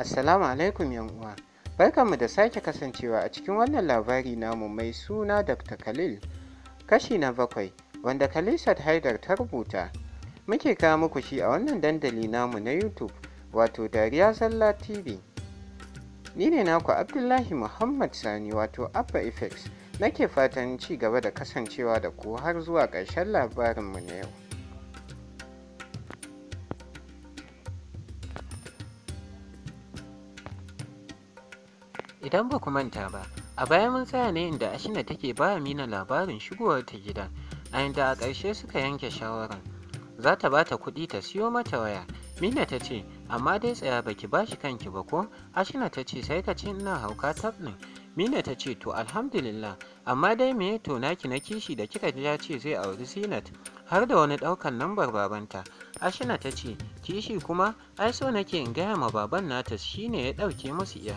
Assalamu alaikum uwa. Barkanmu da sake kasancewa a cikin wannan labari namu mai suna Dr. Khalil, kashi na bakwai, wanda Khalisat Haidar ta rubuta. Muke kawo muku shi a wannan dandali namu na YouTube, wato Dariya Zalla TV. Ni ne naku Abdullahi Muhammad Sani wato Abba Effects, nake fatan ci gaba da kasancewa da ku har zuwa ƙarshen labarinmu na yau. idan ba ku manta ba a baya mun tsaya ne inda ashina take ba mina labarin shigowar ta gidan a inda a ƙarshe suka yanke shawarar za ta ba ta kuɗi ta siyo mata waya mina ta ce amma dai tsaya ba ki ba shi kanki ba ko ashina ta ce sai ka ce ina hauka tab ɗin mina ta ce to alhamdulillah amma dai me to naki na kishi da kika ji ce zai auri zinat har da wani ɗaukan lambar babanta ashina ta ce kishi kuma ai so nake in gaya ma baban nata shine ya ɗauke musu iya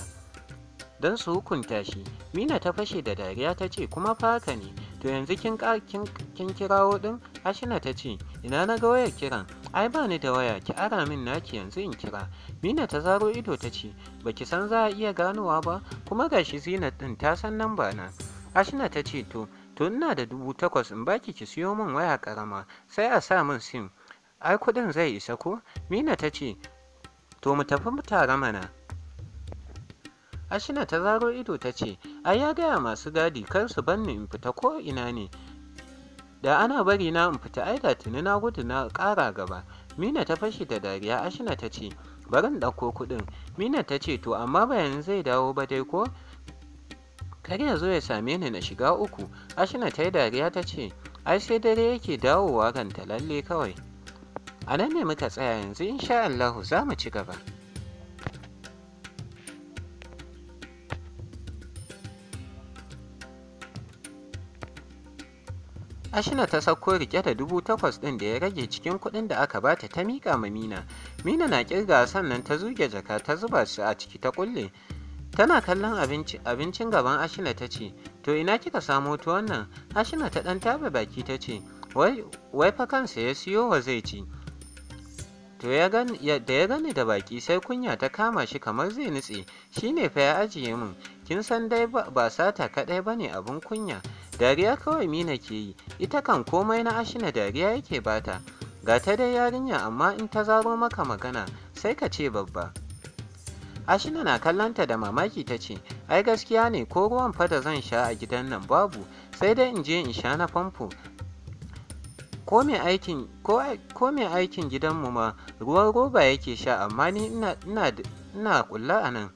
don su hukunta shi mina ta fashe da dariya ta ce kuma fa haka ne to yanzu kin kin kirawo din ashina ta ce ina na ga wayar kiran ai ba ni da waya ki ara min naki yanzu in kira mina ta zaro ido ta ce baki san za a iya ganowa ba kuma gashi zinat din ta san nan ba na ashina ta ce to to ina da dubu takwas in baki ki siyo min waya karama sai a sa min sim ai kuɗin zai isa ko mina ta ce to mu tafi mu tare mana Ashina ta zaro ido ta ce, ai ya gaya masu gadi kar su banni in fita ko ina ne. Da ana bari na in fita ai da tuni na gudu na ƙara gaba. Mina ta fashe da dariya Ashina ta ce, bari ɗauko kuɗin. Mina ta ce, to amma bayan zai dawo ba dai ko? Kar ya zo ya same ni na shiga uku. Ashina ta yi dariya ta ce, ai sai dare yake dawowa ganta lalle kawai. A nan ne muka tsaya yanzu insha Allahu za mu ci gaba. Ashina ta sauko rike da dubu takwas ɗin da ya rage cikin kuɗin da aka bata ta miƙa ma Mina. Mina na ƙirga sannan ta zuge jaka ta zuba su a ciki ta kulle Tana kallon abincin gaban Ashina ta ce, To ina kika samo tuwon nan Ashina ta ɗan taba baki ta ce, Wai fa kansa ya siyo wa zai ci. To da ya gani da baki sai kunya ta kama shi kamar zai nutse, shi ne fa ya ajiye mun kin san dai ba sata kaɗai ba ne abin kunya, dariya kawai mina ke yi ita kan komai na ashina dariya yake bata ga ta dai yarinya amma in ta zaro maka magana sai ka ce babba ashina na kallanta da mamaki ta ce ai gaskiya ne ko ruwan fada zan sha a gidan nan babu sai dai in je in sha na famfo ko mai aikin gidanmu ma ruwan roba yake sha amma ni ina ina kulla a nan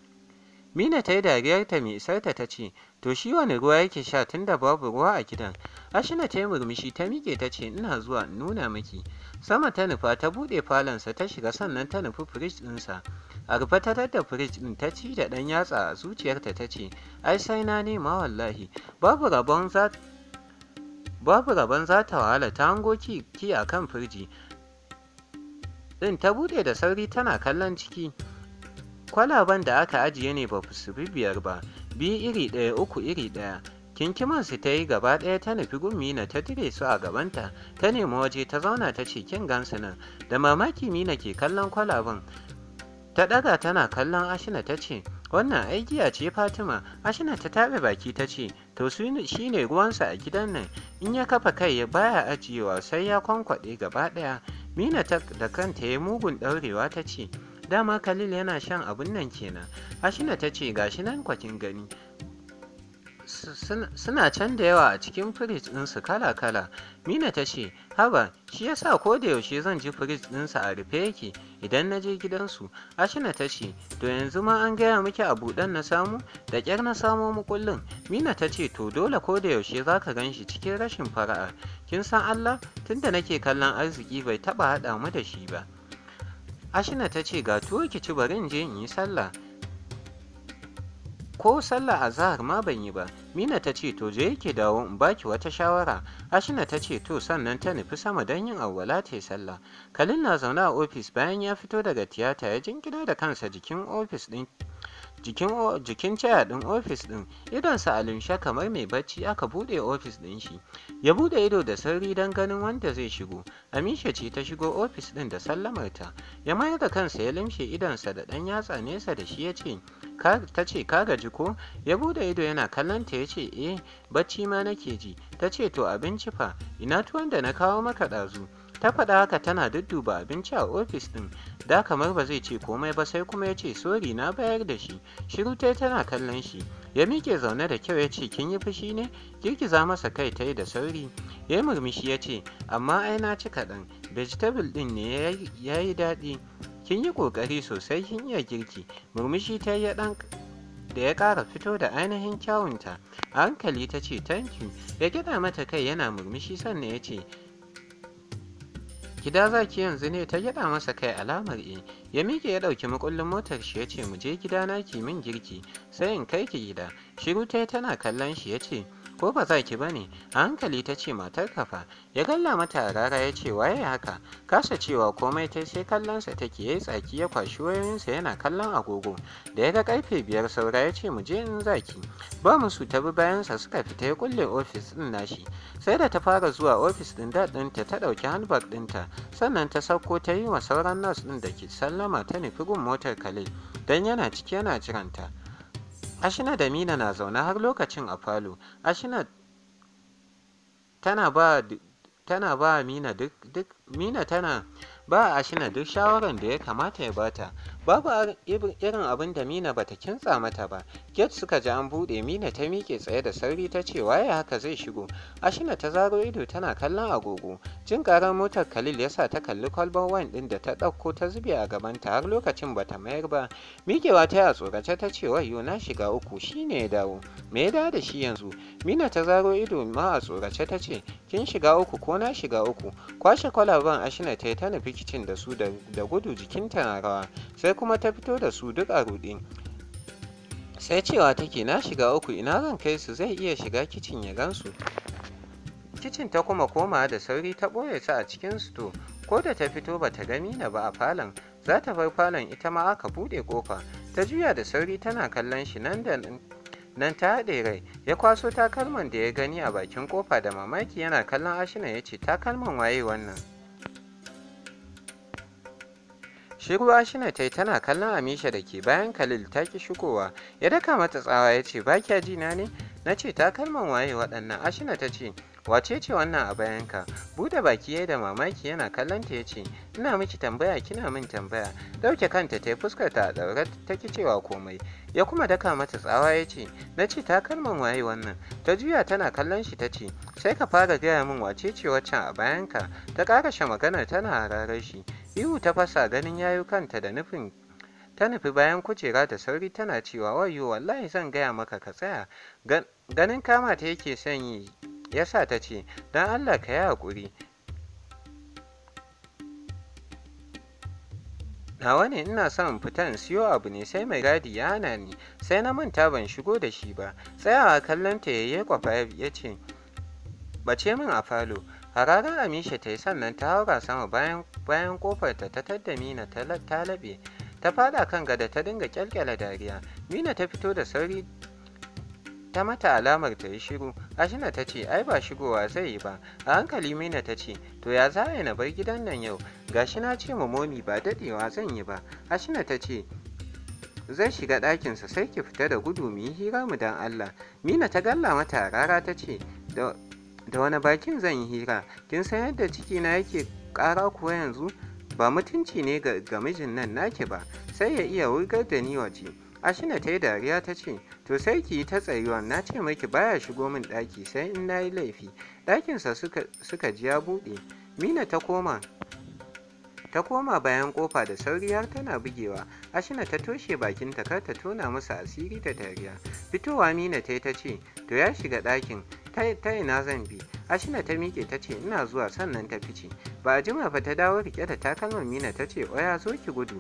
Mina ta yi dariyarta mai isarta ta ce, to shi wane ruwa yake sha tun da babu ruwa a gidan? Ashina ta yi murmushi ta miƙe ta ce, ina zuwa in nuna miki. Sama ta nufa ta buɗe falonsa ta shiga sannan ta nufi firij ɗinsa. A rufe ta da firij ɗin ta ci da ɗan yatsa a zuciyarta ta ce, ai sai na nema wallahi, babu rabon za babu rabon za ta wahala ta hango ki, ki a kan firji ɗin ta buɗe da sauri tana kallon ciki Kwalaban da aka ajiye ne ba su bibiyar ba biyu iri ɗaya uku iri ɗaya su ta yi gaba ɗaya ta nufi gummina ta dire su a gabanta ta nemi waje ta zauna ta ce kin gansu nan da mamaki mina ke kallon kwalaban. ta ɗaga tana kallon ashina ta ce wannan aigiya ce fatima ashina ta taɓe baki ta ce to shi ne ruwansa a gidan nan in ya kafa kai ya baya ajiyewa sai ya kwankwaɗe gaba ɗaya mina da kanta ya mugun ɗaurewa ta ce dama khalil yana shan abun nan kenan ashina ta ce gashi nan kwakin gani suna can da yawa a cikin firij ɗinsu kala-kala mina ta ce haba shi yasa ko da yaushe zan ji firij ɗinsu a rufe yake idan na je gidansu ashina ta ce to yanzu ma an gaya miki a buɗen na samu da kyar na samo mukullin mina ta ce to dole ko da yaushe za ka gan shi cikin rashin fara'a kin san allah tunda nake kallon arziki bai taɓa haɗa mu da shi ba ashina ta ce ga tuwo ki ci bari in je in yi sallah ko sallah a zahar ma ban yi ba mina ta ce to je yake dawo in baki wata shawara ashina ta ce to sannan ta nufi sama don yin awwala ta yi sallah kalin na zaune a ofis bayan ya fito daga tiyata ya jinkina da kansa jikin ofis ɗin jikin caya ɗin ofis ɗin idonsa a lumshe kamar mai bacci aka buɗe ofis ɗin shi ya buɗe ido da sauri don ganin wanda zai shigo amisha ce ta shigo ofis ɗin da sallamarta ya mayar da kansa ya lumshe idonsa da ɗan yatsa nesa da shi ya ce ta ce ka gaji ko ya buɗe ido yana kallonta ya ce eh bacci ma nake ji ta ce to abinci fa ina tuwon da na kawo maka ɗazu ta faɗa haka tana dudduba abinci a ofis ɗin da kamar ba zai ce komai ba sai kuma ya ce sori na bayar da shi shiru ta tana kallon shi ya miƙe zaune da kyau ya ce kin yi fushi ne girgiza masa kai ta yi da sauri ya yi murmushi ya ce amma ai na ci kaɗan vegetable ɗin ne ya yi daɗi kin yi ƙoƙari sosai kin iya girki murmushi ta yi ɗan da ya ƙara fito da ainihin kyawunta a hankali ta ce thank you ya gida mata kai yana murmushi sannan ya ce gida za ki yanzu ne ta gyaɗa masa kai alamar e ya miƙe ya ɗauki makullin motar shi ya ce mu je gidana ki min girki sai in kai ki gida shiru ta tana kallon shi ya ce ko ba za ki ba ne hankali ta ce matar kafa ya galla mata a rara ya ce waye haka kasa cewa komai ta sai kallonsa take ya yi tsaki ya kwashi wayoyinsa yana kallon agogo da ya ga karfe biyar saura ya ce mu je in zaki ba mu su tabi bayansa suka fita ya kulle ofis din nashi sai da ta fara zuwa ofis din daɗinta ta ɗauki handbag ɗinta sannan ta sauko ta yi wa sauran nas ɗin da ke sallama ta nufi gun motar kale don yana ciki yana jiranta. Ashina da Mina na zaune har lokacin a falo. Ashina tana ba tana ba Mina duk duk Mina tana ba Ashina duk shawaran da ya kamata ya bata Babu irin abin da Mina bata kintsa mata ba. Gate suka ji an buɗe Mina ta miƙe tsaye da sauri ta ce waye haka zai shigo. Ashina ta zaro ido tana kallon agogo. Jin karar motar Khalil yasa ta kalli kwalbar wine ɗin da ta ɗauko ta zube a gabanta har lokacin bata mayar ba. Miƙewa ta yi tsorace ta ce wayo na shiga uku shine ya dawo. Me ya dawo da shi yanzu? Mina ta zaro ido ma a tsorace ta ce kin shiga uku ko na shiga uku. Kwashe kwalaban Ashina ta yi ta nufi kicin da su da gudu jikinta na rawa. Sai kuma ta fito da su duk a ruɗe sai cewa take na shiga uku ina zan kai su zai iya shiga kicin ya gansu kicin ta kuma koma da sauri ta ɓoye su a cikin sto ko da ta fito ba ta gami na ba a falon za ta bar falon ita ma aka buɗe ƙofa ta juya da sauri tana kallon shi nan da nan ta haɗe rai ya kwaso takalman da ya gani a bakin ƙofa da mamaki yana kallon ashina ya ce takalman waye wannan shi ashina ta tai tana kallon amisha da ke bayan khalil ta ki shigowa ya daka mata tsawa ya ce ba kya ji na ne na ce takalman waye waɗannan ashina ta ce wace ce wannan a bayanka bude baki yayi da mamaki yana kallon ta ce, ina miki tambaya kina min tambaya Ɗauke kanta ta fuskar ta a daure ta ki cewa komai ya kuma daka mata tsawa ce, na ce takalman waye wannan ta juya tana kallon shi ta ce, sai ka fara gaya min wace ce waccan a bayanka ta ƙarashe maganar tana hararar shi ihu ta fasa ganin yayu kanta da nufin ta nufi bayan kujera da sauri tana cewa wayo wallahi zan gaya maka ka tsaya ganin kama ta yake sanyi ya sa ta ce don allah ka yi haƙuri nawa ne ina son fita in siyo abu ne sai mai gadi ya hana ni sai na manta ban shigo da shi ba tsayawa kallon ta yayye kwafa ya ce bace min a falo Harara Amisha ta yi sannan ta haura sama bayan bayan kofarta ta tadda Mina ta laɓe. Ta fada kan gada ta dinga kyalkyala dariya. Mina ta fito da sauri ta mata alamar ta yi shiru. Ashina ta ce ai ba shigowa zai yi ba. A hankali Mina ta ce to ya za na bar gidan nan yau. Gashi na ce momi ba dadewa zan yi ba. Ashina ta ce zai shiga ɗakinsa sai ki fita da gudu mu yi hira mu dan Allah. Mina ta galla mata rara ta ce da wani bakin zan yi hira kin san yadda cikina yake ƙara kuwa yanzu ba mutunci ne ga mijin nan naki ba sai ya iya wurgar da ni waje ashina ta yi dariya ta ce to sai ki yi ta tsayuwa na ce miki baya shigo min ɗaki sai in na yi laifi ɗakinsa suka, suka ji ya buɗe mina ta koma ta koma bayan kofa da sauri har tana bugewa ashina ta toshe bakinta kar ta tona musu asiri da dariya fitowa mina ta yi ta ce to ya shiga ɗakin ta ina zan bi ashina ta mike ta ce ina zuwa sannan ta fice ba a jima ba ta dawo rike da takalmar mina ta ce oya zo ki gudu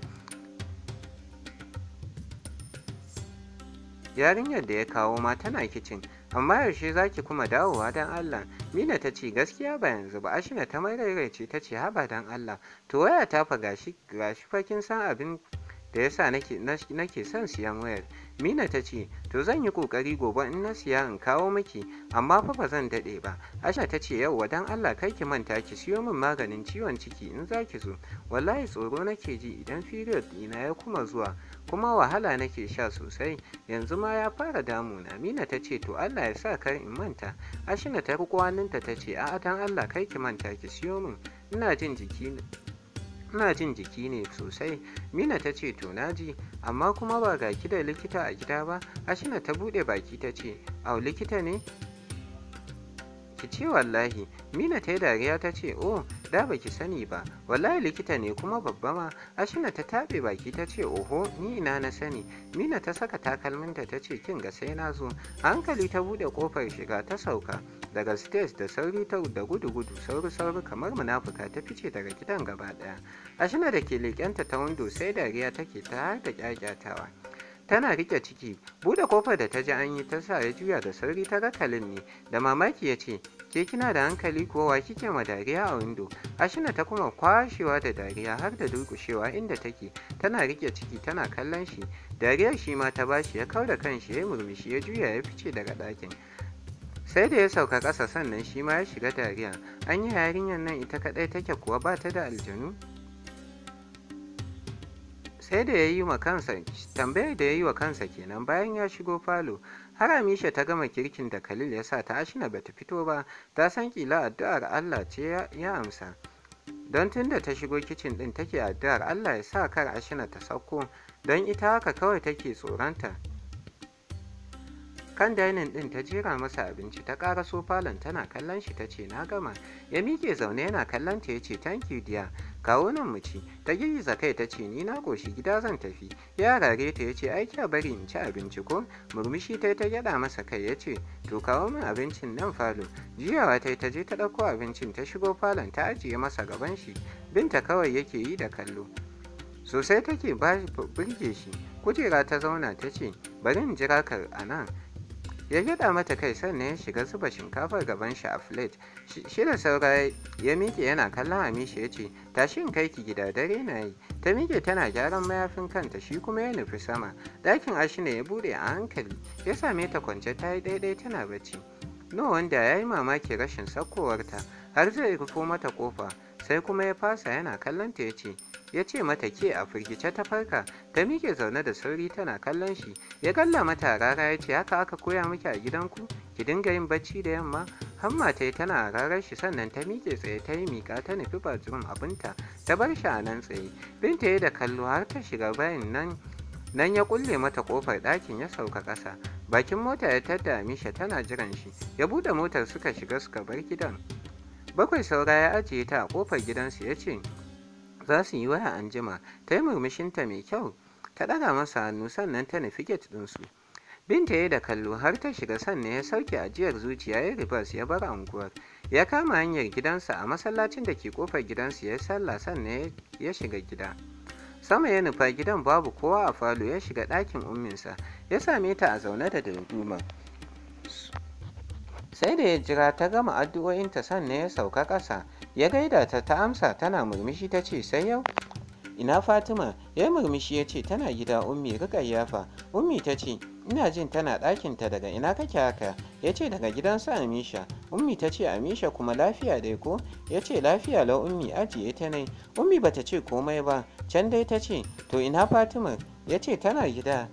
yarinyar da ya kawo ma tana kicin amma yaushe za ki kuma dawowa don Allah Mina ta ce gaskiya ba yanzu ba Ashina ta rairaice ta ce haba don Allah to waya ta fa gashi fakin kin san abin da yasa nake nake son siyan wayar mina ta ce to zan yi kokari gobe in na siya in kawo miki amma fa ba zan daɗe ba asha ta ce yau dan allah kai ki manta ki siyo min maganin ciwon ciki in za ki zo wallahi tsoro nake ji idan period ɗina ya kuma zuwa kuma wahala nake sha sosai yanzu ma ya fara damuna mina ta ce to allah ya sa kar in manta ashina ta rikuwaninta ta ce a'a dan allah kai ki manta ki siyo min ina jin jiki ina jin jiki ne sosai mina ta ce to naji amma kuma ba ga ki da likita a gida ba ashina ta buɗe baki ta ce au likita ne ki ce wallahi mina ta yi dariya ta ce oh da ba ki sani ba wallahi likita ne kuma babba ma ashina ta taɓe baki ta ce oho ni ina na sani mina ta saka takalminta ta ce kin ga sai na zo hankali ta buɗe kofar shiga ta sauka daga stage da sauri ta da gudu-gudu sauri-sauri kamar munafuka ta fice daga gidan gaba ɗaya ashina da ke leƙenta ta wando sai dariya take ta har da kyakkyatawa. tana rike ciki bude kofar da ta ji an yi ta sa ya juya da sauri ta ga ne da mamaki ya ce ke kina da hankali kowa wa kike ma dariya a windo ashina ta kuma kwashewa da dariya har da durkushewa inda take tana rike ciki tana kallon shi dariyar shi ma ta bashi ya kau da kanshi ya murmushi ya juya ya fice daga ɗakin sai da ya sauka ƙasa sannan shi ma ya shiga dariya an yi yarinyar nan ita kaɗai take kuwa ba ta da aljanu sai da ya yi wa kansa tambayar da ya yi wa kansa kenan bayan ya shigo falo har amisha ta gama kirkin da khalil ya sa ta ashina bata fito ba ta san kila addu'ar allah ce ya amsa don tun da ta shigo kicin din take addu'ar allah ya sa kar ashina ta sauko don ita haka kawai take tsoronta kan dainin ɗin ta jera masa abinci ta ƙara so falon tana kallon shi ta ce na gama ya miƙe zaune yana kallon ta ya ce thank you dear kawo nan mu ci ta girgiza kai ta ce ni na ƙoshi gida zan tafi ya rare ta ya ce ai kya bari in ci abinci ko murmushi ta ta gyada masa kai ya ce to kawo min abincin nan falo jiyawa ta ta je ta ɗauko abincin ta shigo falon ta ajiye masa gaban shi binta kawai yake yi da kallo sosai take birge shi kujera ta zauna ta ce bari in jira ka a nan ya gyaɗa mata kai sannan ya shiga zuba shinkafar gaban shi a plate shi da saura ya miƙe yana kallon amishi ya ce tashi in kai ki gida dare na yi ta miƙe tana gyaran mayafin kanta shi kuma ya nufi sama ɗakin ashi ne ya buɗe a hankali ya same ta kwance ta yi daidai tana bacci no wanda ya yi mamaki rashin sakkowarta har zai rufo mata kofa sai kuma ya fasa yana kallon ta ya ce ya ce mata ke a firgice ta farka ta miƙe zaune da sauri tana kallon shi ya galla mata rara ya ce haka aka koya miki a gidanku ki dinga yin bacci da yamma hamma ta yi tana rarar shi sannan ta miƙe tsaye ta yi miƙa ta nufi bathroom abinta ta bar shi a nan tsaye binta ya da kallo har ta shiga bayan nan nan ya kulle mata kofar ɗakin ya sauka ƙasa bakin mota ya tadda misha tana jiran shi ya buɗe motar suka shiga suka bar gidan bakwai saura ya ajiye ta a kofar gidansu ya ce za su yi waya an jima ta yi murmushinta mai kyau ta ɗaga masa hannu sannan ta nufi get ɗinsu binta ya da kallo har ta shiga sannan ya sauke ajiyar zuciya ya ribas ya bar anguwar ya kama hanyar gidansa a masallacin da ke kofar gidansu ya salla sannan ya shiga gida sama ya nufa gidan babu kowa a falo ya shiga ɗakin umminsa ya same ta a zaune da dirguma sai da ya jira ta gama addu'o'inta sannan ya sauka ƙasa ya gaida ta ta amsa tana murmushi ta ce sai yau ina fatima ya murmushi ya ce tana gida ummi rikayyafa ummi ta ce ina jin tana ta. daga ina kake haka ya ce daga su amisha ummi ta ce amisha kuma lafiya dai ko ya ce lafiya lau ummi ajiye ta ne ummi bata ce komai ba can dai ta ce to ina fatima ya ce tana gida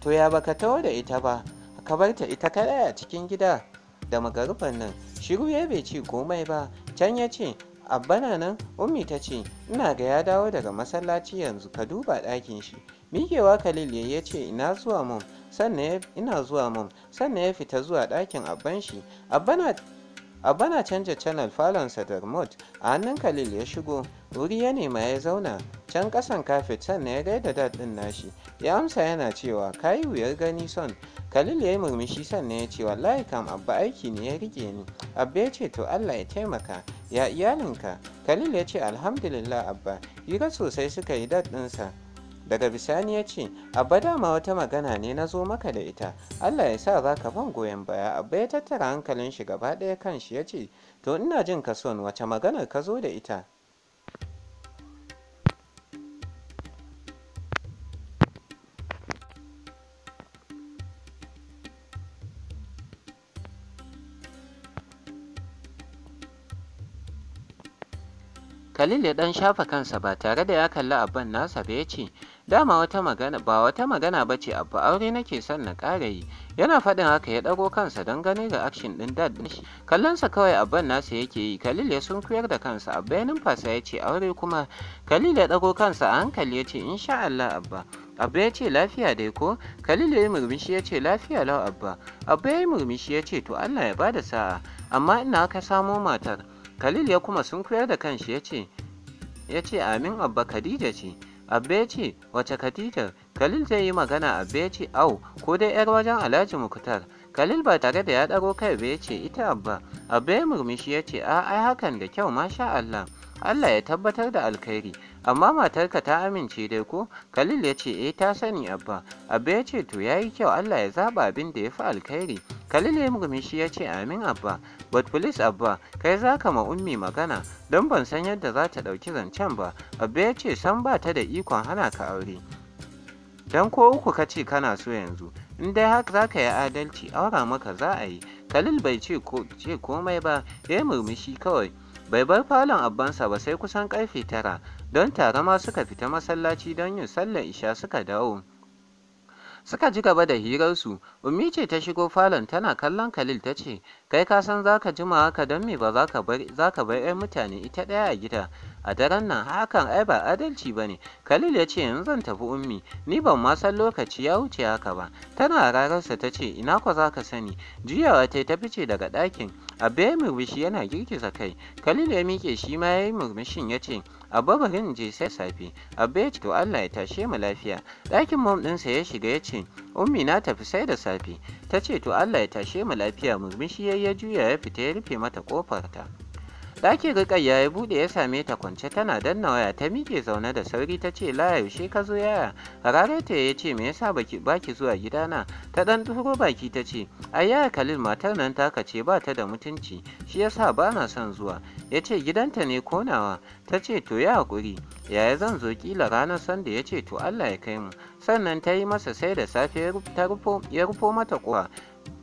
to ya baka taho da ita ba ka barta ita kaɗai a cikin gida da magarufan nan shiru ya bai ce komai ba can ya ce abba na nan ummi ta ce ina ga ya dawo daga masallaci yanzu ka duba ɗakin shi miƙewa kalil ya ce ina zuwa mum sannan ya fita zuwa ɗakin abban shi abba na canja channel falonsa da remote a hannun kalil ya shigo wuri ya nema ya zauna can ƙasan kafet sannan ya gaida dad ɗin nashi ya amsa yana cewa kayi wuyar gani son Khalil ya yi murmushi sannan ya ce wallahi kam abba aiki ne ya rike ni abba ya ce to Allah ya taimaka ya iyalinka Khalil ya ce alhamdulillah abba hira sosai suka yi dad ɗinsa daga bisani ya ce abba dama wata magana ne na zo maka da ita Allah ya sa za ka ban goyon baya abba ya tattara hankalin shi gaba ɗaya kan shi ya ce to ina jin ka son wace maganar ka zo da ita Khalil ya dan shafa kansa ba tare da ya kalli abban nasa ba ya ce, Dama wata magana ba wata magana ba ce abba aure nake son na ƙara yi. Yana faɗin haka ya ɗago kansa don ga action ɗin dad ɗin shi. Kallonsa kawai abban nasa yake yi, Khalil ya sunkuyar da kansa, abba ya numfasa ya ce aure kuma. Khalil ya ɗago kansa a hankali ya ce, Insha Allah abba. Abba ya ce lafiya dai ko? Khalil ya yi murmushi ya ce lafiya lau abba. Abba ya yi murmushi ya ce to Allah ya bada sa'a, amma ina ka samo matar. Khalil ya kuma sun kuyar da kanshi ya ce, ya ce amin abba Khadija ce, abba ya ce wace Khadija, Khalil zai yi magana abba ya ce au ko dai ‘yar wajen Alhaji Muktar Khalil ba tare da ya ɗago kai ba ya ce ita abba, abba ya murmushi ya ce a ai hakan da kyau masha Allah. Allah ya tabbatar da alkhairi amma matarka ta amince dai ko Khalil ya ce eh ta sani abba abba ya ce to yayi kyau Allah ya zaba abin da ya fi alkhairi Khalil ya murmushi ya ce amin abba but please abba kai za ka ma ummi magana don ban san yadda za ta ɗauki zancen ba abba ya ce san ba ta da ikon hana ka aure dan ko uku ka ce kana so yanzu in dai haka za ka yi adalci aura maka za a yi khalil bai ce komai ba ya murmushi kawai bai bar falon abbansa ba sai kusan karfe tara don tare ma suka fita masallaci don yin sallar isha suka dawo suka ji gaba da hirarsu ummi ce ta shigo falon tana kallon khalil ta ce kai ka san za ka jima haka don me ba za ka bar 'yan mutane ita ɗaya a gida a daren nan hakan ai ba adalci ba ne khalil ya ce yanzu zan tafi ummi ni ban ma san lokaci ya wuce haka ba tana rararsa ta ce ina kwa za ka sani juyawa ta ta fice daga ɗakin abba ya murmushi yana girgiza kai khalil ya miƙe shi ma ya yi murmushin ya ce abba bari in je sai safe abba ya ce to allah ya tashe mu lafiya ɗakin mom ɗinsa ya shiga ya ce ummi na tafi sai da safe ta ce to allah ya tashe mu lafiya murmushi ya juya ya fita ya rufe mata ta. Ɗakin Rukayya ya bude ya same ta kwance tana danna waya ta miƙe zaune da sauri ta ce la yaushe ka zo yaya. ta ya ce me yasa baki baki zuwa gidana ta ɗan duro baki ta ce ai yaya matar nan ta kace ba ta da mutunci shi yasa ba na son zuwa. Ya ce gidanta ne konawa ta ce to ya haƙuri yaya zan zo kila ranar sanda ya ce to Allah ya kai mu sannan ta yi masa sai da safe ya rufo mata kuwa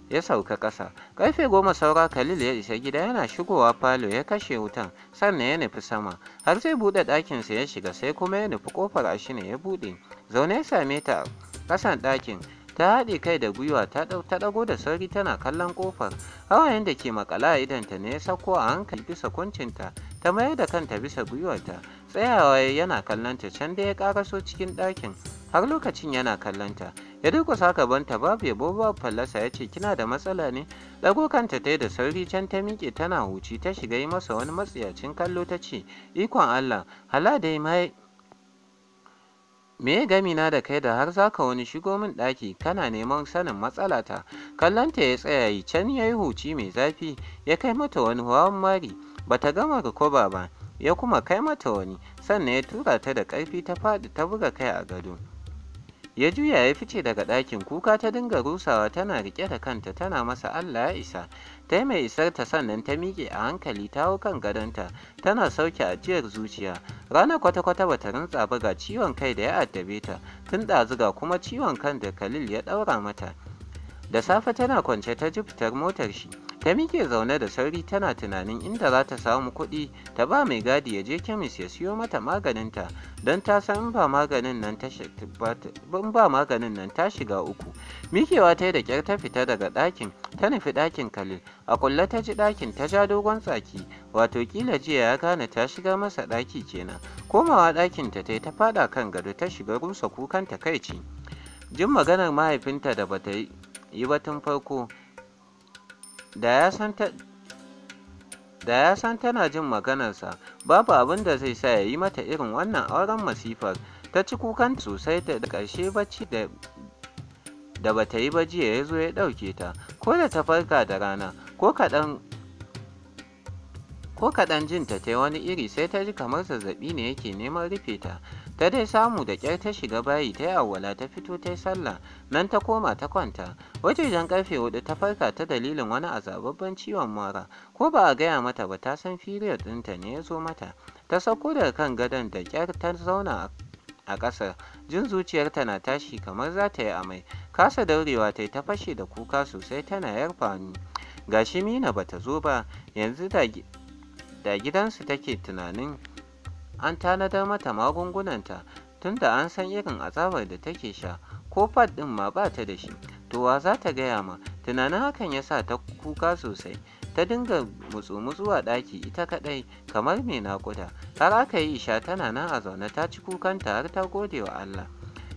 ya sauka ƙasa ƙarfe goma saura khalil ya isa gida yana shigowa falo ya kashe wutan sannan ya nufi sama har zai buɗe ɗakinsa ya shiga sai kuma ya nufi ƙofar ne ya buɗe zaune ya same ta ƙasan ɗakin ta haɗe kai da gwiwa ta ɗago da sauri tana kallon ƙofar hawayen da ke makala a idanta ne ya sako a hankali bisa kuncinta ta mayar da kanta bisa gwiwarta tsayawa yana kallonta can da ya so cikin ɗakin har lokacin yana kallonta ya durkusa banta babu yabo ba fallasa ya ce kina da matsala ne ɗago kanta ta da sauri can ta miƙe tana huci ta shiga yi masa wani matsiyacin kallo ta ce ikon allah hala dai mai me ya gami na da kai da har zaka wani shigo min ɗaki kana neman sanin matsalata kallonta ya tsaya yi can ya yi huci mai zafi ya kai mata wani hawan mari ta gama ga koba ba ya kuma kai mata wani sannan ya tura ta da ƙarfi ta faɗi ta buga kai a gado ya juya ya fice daga ɗakin kuka ta dinga rusawa tana riƙe da kanta tana masa allah ya isa ta mai isar ta sannan ta miƙe a hankali ta hau kan gadonta tana sauke ajiyar zuciya ranar kwata-kwata bata rantsa ba ga ciwon kai da ya addabe ta tun ɗazuga kuma ciwon kan da khalil ya ɗaura mata da safe tana kwance ta ji fitar motar shi ta mike zaune da sauri tana tunanin inda za ta samu kuɗi ta ba mai gadi ya je kemis ya siyo mata maganinta don ta san in ba maganin nan ta shiga uku mikewa ta yi da kyar ta fita daga ɗakin ta nufi ɗakin kalil a kulle ta ji ɗakin ta ja dogon tsaki wato kila jiya ya gane ta shiga masa ɗaki kenan komawa ɗakinta ta yi ta faɗa kan gado ta shiga rusa kukan takaici jin maganar mahaifinta da bata yi ba tun farko Da ya san tana jin maganarsa, babu abin da zai sa ya yi mata irin wannan auren masifar, ta ci kukan sosai da ƙarshe bacci da da ba ta yi ba jiya ya zo ya ɗauke ta ko da ta farka da rana ko kaɗan jinta ta ta wani iri sai ta ji kamar zazzaɓi ne yake neman rufe ta ta dai samu da kyar ta shiga bayi ta yi awwala ta fito ta yi sallah nan ta koma ta kwanta wajejen karfe hudu ta farka ta dalilin wani azababban ciwon mara ko ba a gaya mata ba ta san firiyar ɗinta ne ya zo mata ta sauko daga kan gadon da kyar ta zauna a ƙasa jin zuciyarta na tashi kamar za ta yi amai kasa daurewa ta yi ta fashe da kuka sosai tana yarfa ni gashi mina bata zo ba yanzu da gidansu take tunanin an tanadar mata magungunanta tunda an san irin azabar da take sha ko fad ɗin ma ba ta da shi to wa za ta gaya ma tunanin hakan ya sa ta kuka sosai ta dinga mutsu-mutsu a ɗaki ita kaɗai kamar mai naƙuda har aka yi isha tana nan a zaune ta ci kukanta har ta gode wa Allah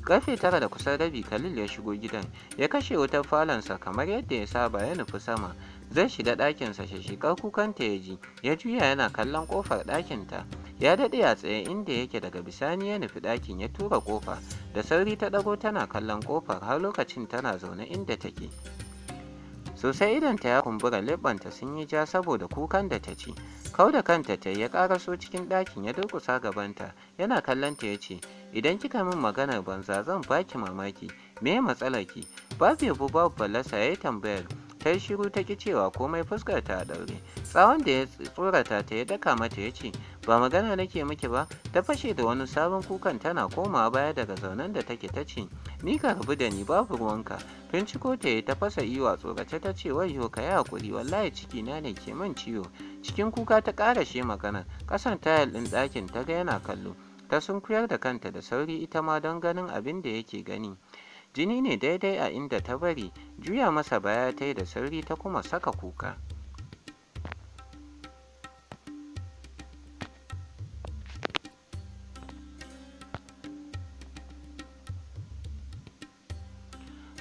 karfe tara da kusan rabi kalil ya shigo gidan ya kashe wutar falonsa kamar yadda ya saba ya nufi sama zai shiga ɗakinsa shashikar kukanta ya ji ya juya yana kallon ƙofar ɗakinta ya daɗe a tsaye inda yake daga bisani ya nufi ɗakin ya tura ƙofa da sauri ta ɗago tana kallon ƙofar har lokacin tana zaune inda take sosai ta ya kumbura leɓanta sun yi ja saboda kukan da ta ci kau da kanta ta ya ƙaraso cikin ɗakin ya durƙusa gabanta yana kallon ta ya ce idan kika min maganar banza zan baki mamaki me matsalar ki babu yabo babu balasa." ya yi tambayar ta yi shiru ta ki cewa komai fuskar ta ɗaure. tsawon da ya tsorata ta ya daka mata ya ce ba magana nake miki ba ta fashe da wani sabon kukan tana komawa baya daga zaunen da take ta ce ni ka rabu da ni babu ruwanka binciko ta yi ta fasa iwa tsorace ta ce yau ka yi hakuri wallahi ciki na ne ke min ciwo cikin kuka ta shi magana ƙasan tayal ɗin ɗakin ta ga yana kallo ta sunkuyar da kanta da sauri ita ma don ganin abin da yake gani jini ne daidai a inda ta bari juya masa baya ta yi da sauri ta kuma saka kuka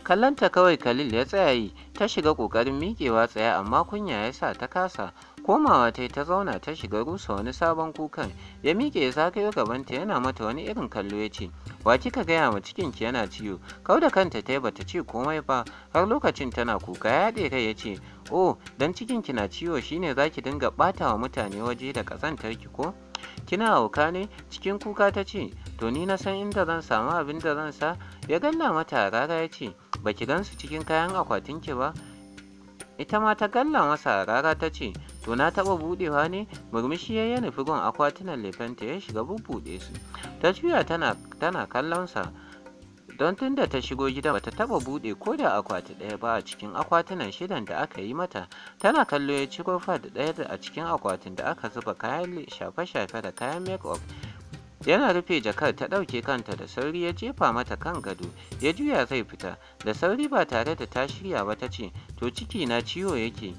kallanta kawai khalil ya tsaya yi ta shiga ƙoƙarin miƙewa tsaya amma kunya ya sa ta kasa komawa ta yi ta zauna ta shiga rusa wani sabon kukan ya miƙe ya zagayo gabanta yana mata wani irin kallo ya ce wa kika gaya ma cikinki yana ciwo kau da kanta ta yi bata ce komai ba har lokacin tana kuka ya haɗe kai ya ce oh dan cikinki na ciwo shine zaki dinga ɓata wa mutane waje da ƙazantarki ko kina hauka ne cikin kuka ta ce to ni na san inda zan samu abin da zan sa ya galla mata a rara ya ce baki gansu cikin kayan akwatin ki ba ita ma ta galla masa a rara ta ce to na taɓa buɗewa ne murmushi ya yi nufi gon akwatunan lefenta ya shiga bubbuɗe su ta juya tana, kallonsa don tun da ta shigo gidan bata taba bude ko da akwati ɗaya ba a cikin akwatunan shidan da aka yi mata tana kallo ya ci ciro da ɗaya a cikin akwatin da aka zuba kayan shafe-shafe da kayan make-up yana rufe jakar ta ɗauke kanta da sauri ya jefa mata kan gado ya juya zai fita da sauri ba tare da ta shirya ba ta ce to ciki na ciwo yake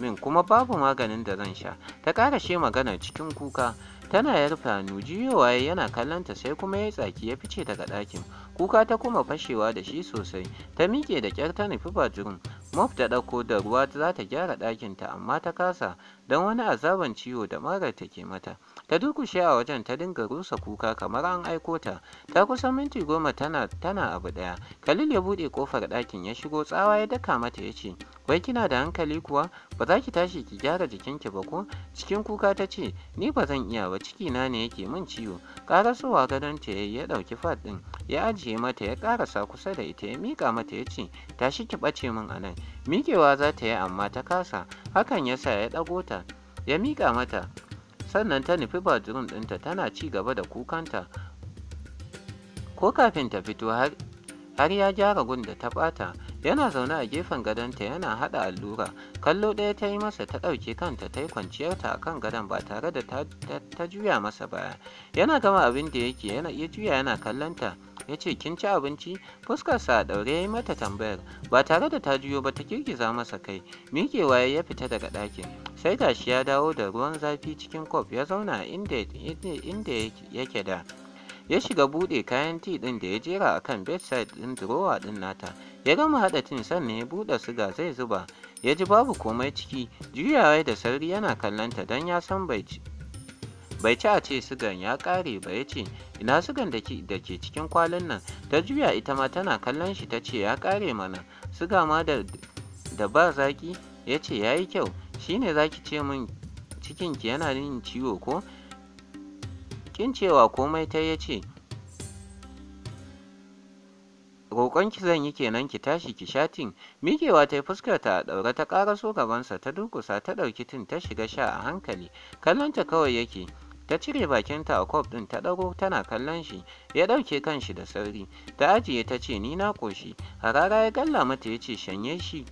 min kuma babu maganin da zan sha ta ƙarashe maganar cikin kuka tana ya rufe hannu jiyowa yana kallonta sai kuma ya tsaki ya fice daga ɗakin kuka ta kuma fashewa da shi sosai ta miƙe da ƙyar ta nufi bajirin mof da ɗauko da ruwa za ta gyara ɗakin ta amma ta kasa don wani azaban ciwo da marar ta ke mata ta durkushe a wajen ta dinga rusa kuka kamar an aiko ta ta kusa minti goma tana tana abu ɗaya kalil ya buɗe ƙofar ɗakin ya shigo tsawa ya daka mata ya ce bai kina da hankali kuwa ba za ki tashi ki gyara jikinki ba ko cikin kuka ta ce ni ba zan iya ba cikina ne yake min ciwo ƙarasowa gadon ta ya dauki fat din ya ajiye mata ya sa kusa da ita ya mika mata ya ce tashi ki bace min anan nan miƙewa za ta yi amma ta kasa hakan ya sa ya ɗago ta ya mika mata sannan ta nufi bathroom ɗinta tana ci gaba da kukanta ko kafin ta fito har ya gyara gun da ta bata yana zaune a gefen gadonta yana haɗa allura kallo ɗaya ta yi masa ta ɗauke kanta ta yi kwanciyarta a kan gadon ba tare da ta juya masa baya yana gama abin da yake yana iya juya yana kallonta ya ce kin ci abinci fuskarsa a ɗaure ya yi mata tambayar ba tare da ta juyo ba ta girgiza masa kai miƙewa ya fita daga ɗakin sai gashi ya dawo da ruwan zafi cikin kof ya zauna inda yake da ya shiga buɗe kayan ti ɗin da ya jera akan bedside ɗin durowa ɗin nata ya gama haɗa son sannan ya buɗe siga zai zuba ya ji babu komai ciki juyawa da sauri yana kallonta don ya san bai ci bai ci a ce sigan ya ƙare ba ya ce ina sigan da ke cikin kwalin nan ta juya ita ma tana kallon shi ta ce ya ƙare mana siga ma da ba zaki ya ce ya yi kyau shine za ki ce min cikinki yana yin ciwo ko kin cewa komai ta ya ce roƙonki zan yi kenan ki tashi ki sha tin miƙewa ta yi fuskar ta a ɗaure ta ƙaraso gabansa ta durƙusa ta ɗauki tin ta shiga sha a hankali kallon ta kawai yake ta cire bakinta a kof ɗin ta ɗago tana kallon shi ya ɗauke kanshi da sauri ta ajiye ta ce ni na ƙoshi harara ya galla mata ya ce shanye shi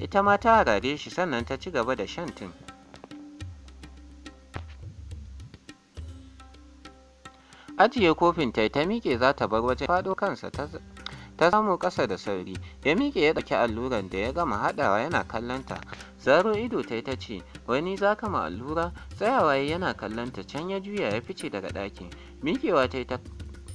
ita ma ta harare shi sannan ta ci gaba da shan tin ajiye kofin ta ta miƙe za ta bar wajen faɗo kansa ta ta samu kasa da sauri ya miƙe ya ɗauki alluran da ya gama haɗawa yana kallonta zaro ido ta ta ce wani za ka ma allura tsayawa yana kallonta can ya juya ya fice daga ɗaki? miƙewa ta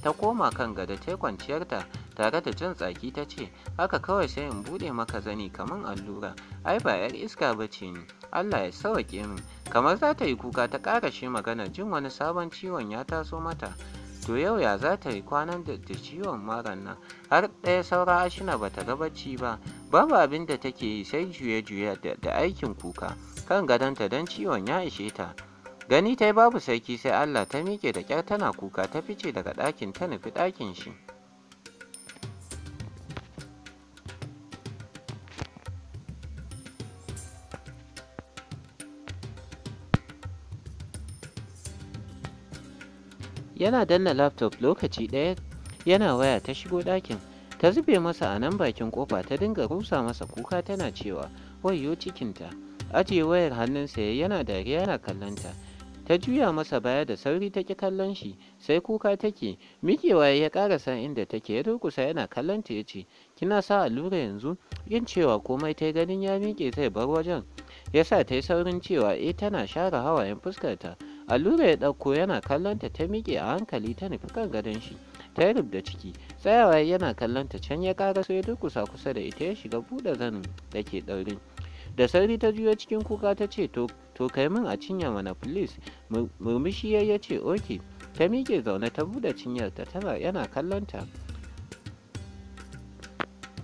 ta koma kan gada ta kwanciyarta tare da jan tsaki ta ce haka kawai sai in buɗe maka zani kamar allura ai ba 'yar iska ba ce ni allah ya sawaƙe min kamar za ta yi kuka ta ƙara shi magana jin wani sabon ciwon ya taso mata to yau ya za ta yi kwanan da ciwon maran nan har ɗaya saura ashina ba ta gabaci ba babu abin da take yi sai juye-juye da aikin kuka kan gadonta don ciwon ya ishe ta gani ta yi babu sarki sai allah ta miƙe da ƙyar tana kuka ta fice daga ɗakin ta nufi ɗakin shi yana danna laptop lokaci ɗaya yana waya ta shigo ɗakin ta zube masa a nan bakin kofa ta dinga rusa masa kuka tana cewa wayyo cikinta ajiye wayar hannunsa ya yana dariya yana kallonta ta juya masa baya da sauri ta ki kallon shi sai kuka take mikewa ya ƙara karasa inda take ya durkusa yana kallon ta ce. kina sa allura yanzu yin cewa komai ta ganin ya mike zai bar wajen Ya sa ta yi saurin cewa eh tana share hawayen fuskarta allura ya ɗauko yana kallonta ta miƙe a hankali ta nufi kan gadon shi ta yi rubda ciki tsayawa yana kallonta can ya kara ya durkusa kusa da ita ya shiga buɗe zanin da ke ɗaurin da sauri ta juyo cikin kuka ta ce to kai min a cinya mana police murmushi ya ce ok ta miƙe zaune ta buɗe cinyarta tana yana kallonta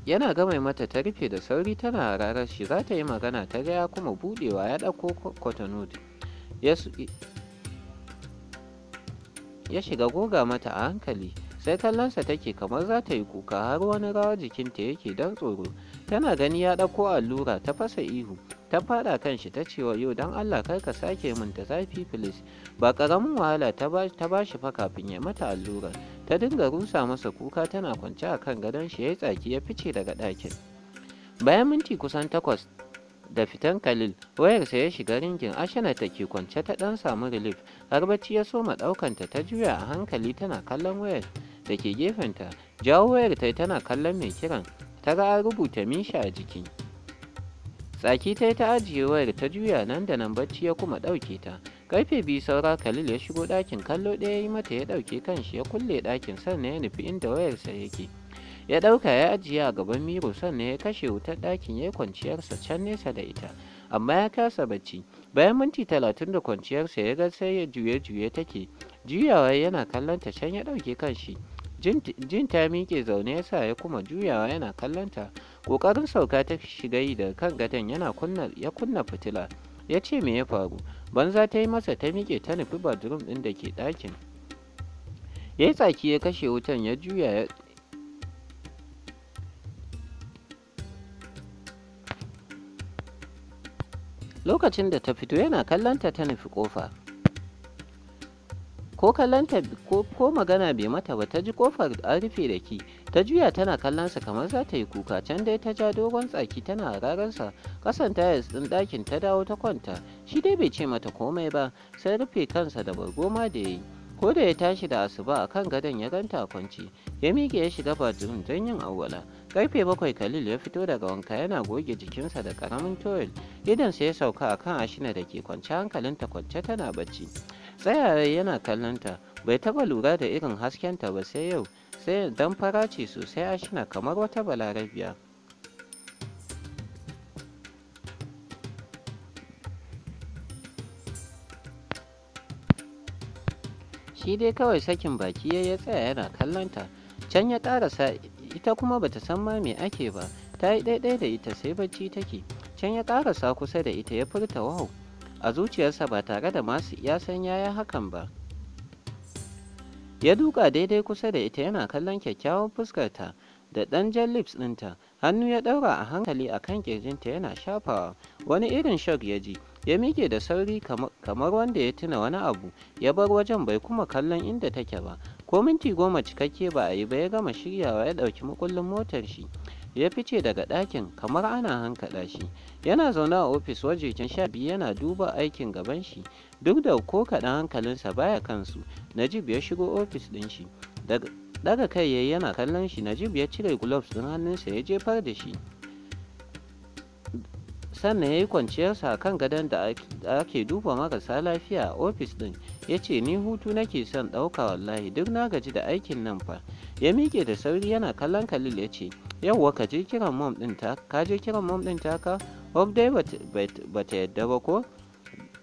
yana gama mata ta rufe da sauri tana hararar shi za ta yi magana ta gaya kuma buɗewa ya ɗauko cottonwood ya shiga goga mata a hankali sai kallonsa take kamar za ta yi kuka har wani rawa jikinta yake don tsoro tana gani ya ɗauko allura ta fasa ihu ta faɗa kan shi ta cewa yau don allah kar ka sake min ta zafi filis ba karamin wahala ta ba shi fa kafin ya mata allura. ta dinga rusa masa kuka tana kwance a kan gadon shi ya tsaki ya fice daga ɗakin bayan minti kusan takwas da fitan Khalil wayarsa ya shiga ringin ashana ta ke kwance ta dan samu relief har bacci ya soma daukanta ta ta juya a hankali tana kallon wayar da ke gefenta jawo wayar ta tana kallon mai kiran ta ga an rubuta misha a jiki tsaki ta ta ajiye wayar ta juya nan da nan bacci ya kuma ɗauke ta karfe biyu saura khalil ya shigo ɗakin kallo ɗaya yi mata ya ɗauke kanshi ya kulle ɗakin sannan ya nufi inda wayarsa yake ya ɗauka ya ajiye a gaban miro sannan ya kashe wutar ɗakin ya kwanciyarsa can nesa da ita amma ya kasa bacci bayan minti talatin da kwanciyarsa ya ga sai ya juye juye take juyawa yana kallon ta can ya ɗauke kanshi jin ta miƙe zaune ya sa ya kuma juyawa yana kallon ta ƙoƙarin sauka ta shiga yi da kan gadon yana ya kunna fitila ya ce me ya faru banza ta yi masa ta miƙe ta nufi badurum ɗin da ke ɗakin ya yi tsaki ya kashe wutan ya juya lokacin da ta fito yana kallonta ta nufi kofa ko kallonta ko magana bai mata ba ta ji kofar a rufe da ki ta juya tana kallonsa kamar za ta yi kuka can dai ta ja dogon tsaki tana a rararsa kasan tayas ɗin ɗakin ta dawo ta kwanta shi dai bai ce mata komai ba sai rufe kansa da bargoma da ya yi ko da ya tashi da asuba a kan gadon ya ganta a kwanci ya miƙe ya shiga bathroom don yin awwala Karfe bakwai Khalil ya fito daga wanka yana goge jikinsa da karamin idan idansa ya sauka a kan ashina da ke kwance hankalinta kwance tana bacci. Tsayawa yana kallonta bai taba lura da irin haskenta ba sai yau sai dan fara sosai ashina kamar wata balarabiya. shi dai kawai sakin baki ya tsaya yana kallonta can ya ƙarasa ita kuma bata san ma me ake ba ta yi ɗaiɗai da ita sai bacci take can ya ƙarasa kusa da ita ya furta wahau a zuciyarsa ba tare da masu ya san yaya hakan ba ya duka daidai kusa da ita yana kallon kyakkyawan fuskarta da ɗan jan lips ɗinta hannu ya ɗaura a hankali a kan ƙirjinta yana shafawa wani irin shock ya ji ya miƙe da sauri kamar wanda ya tuna wani abu ya bar wajen bai kuma kallon inda take ba ko minti goma cikakke ba a yi ba ya gama shiryawa ya ɗauki makullin motar shi ya fice daga ɗakin kamar ana hankaɗa shi yana zaune a ofis wajejen sha biyu yana duba aikin gaban shi duk da ko kaɗan hankalinsa baya kansu najib ya shigo ofis ɗin shi daga kai yayi yana kallon shi najib ya cire gloves ɗin hannunsa ya jefar da shi sannan ya yi kwanciyarsa kan gadon da ake duba marasa lafiya a ofis ɗin ya ce ni hutu nake son ɗauka wallahi duk na gaji da aikin nan fa ya miƙe da sauri yana kallon Kalil ya ce yauwa ka je kiran mom ɗin ta ka je kiran mom ɗin ta ka hope dai ba ta yadda ba ko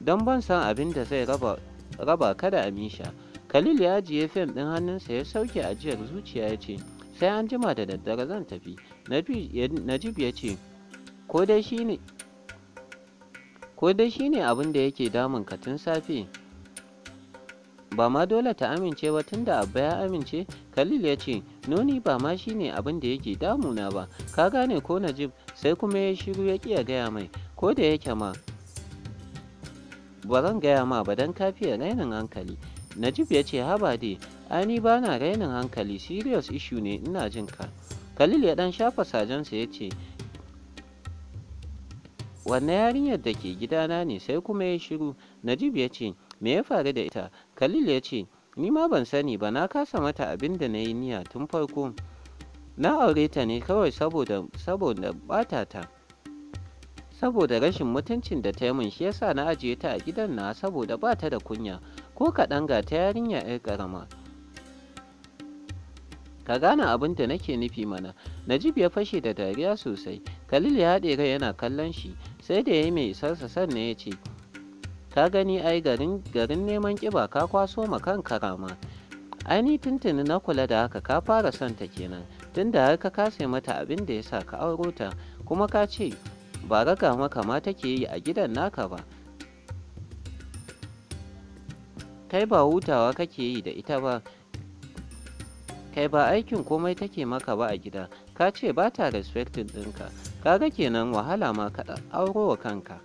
don ban san abin da zai raba raba kada a misha khalil ya ajiye fim ɗin hannunsa ya sauke ajiyar zuciya ya ce sai an jima da daddare zan tafi najib ya ce ko dai shine ko dai shine abin da yake damun ka tun safe ba ma dole ta amince ba tunda abba ya amince khalil ya ce noni ba ma shine abin da yake damuna ba ka gane ko najib sai kuma ya shiru ya kiya gaya mai ko da yake ma ba zan gaya ma ba don kafiya rainin hankali najib ya ce haba dai ani ba na rainin hankali serious issue ne ina jin ka khalil ya dan shafa sajensa ya ce wannan yarinyar da ke gidana ne sai kuma ya shiru najib ya ce me ya faru da ita Khalil ya ce, Ni ma ban sani ba na kasa mata abin da na yi niyya tun farko. Na aure ta ne kawai saboda saboda bata ta. Saboda rashin mutuncin da ta yi mun shi yasa na ajiye ta a gidan na saboda ba ta da kunya ko kaɗan ga ta yarinya 'yar ƙarama. Ka gane abin da nake nufi mana, Najib ya fashe da dariya sosai, Khalil ya haɗe rai yana kallon shi, sai da ya yi mai isarsa sannan ya ce, ka gani ai garin neman ƙiba ka kwaso ma kan karama. ai ni tuntuni na kula da haka ka fara son ta kenan tunda har ka kasa mata abin da ya sa ka auro ta kuma ka ce ba raga maka ma take yi a gidan naka ba kai ba hutawa kake yi da ita ba kai ba aikin komai take maka ba a gida ka ce ba ta respectin ɗinka kaga kenan wahala ma ka auro wa kanka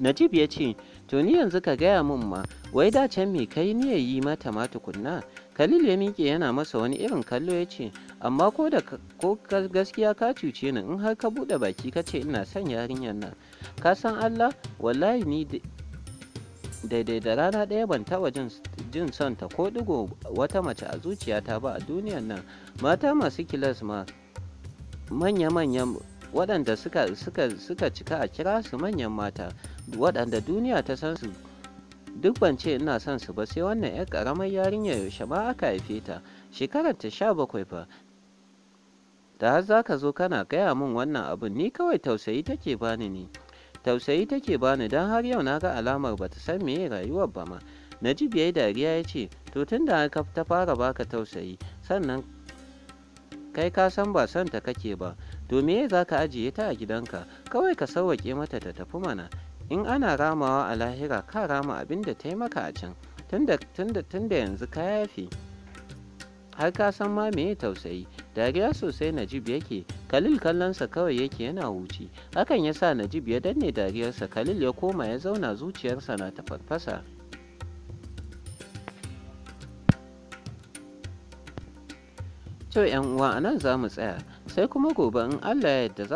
najib ya ce to ni yanzu ka gaya min ma wai da can me kai niyyar yi mata ma tukunna khalil ya miƙe yana masa wani irin kallo ya ce amma ko da ko gaskiya ka cuce ni in har ka buɗe baki ka ce ina son yarinyar nan ka san allah wallahi ni daidai da rana ɗaya ban taɓa jin son ta ko digo wata mace a zuciyata ba a duniyar nan mata masu kilas ma manya-manyan waɗanda suka, cika a kira su manyan mata waɗanda duniya ta san su duk ban ce ina son su ba sai wannan 'yar ƙaramar yarinyar yaushe ba aka haife ta shekarar ta sha bakwai fa da har za ka zo kana gaya min wannan abin ni kawai tausayi take bani ne tausayi take bani don har yau na ga alamar ba ta san meye rayuwar ba ma najib ya yi dariya ya ce to tun da ta fara baka tausayi sannan kai ka san ba son ta kake ba to me za ka ajiye ta a gidanka kawai ka sauwaƙe mata ta tafi mana in ana ramawa a lahira ka rama abin da ta yi maka a can tun da yanzu ka yafe har ka san ma me tausayi dariya sosai najib yake kalil kallonsa kawai yake yana wuce. hakan ya sa najib ya danne dariyarsa kalil ya koma ya zauna zuciyarsa na ta farfasa to uwa anan nan za mu tsaya sai kuma gobe in Allah ya yarda za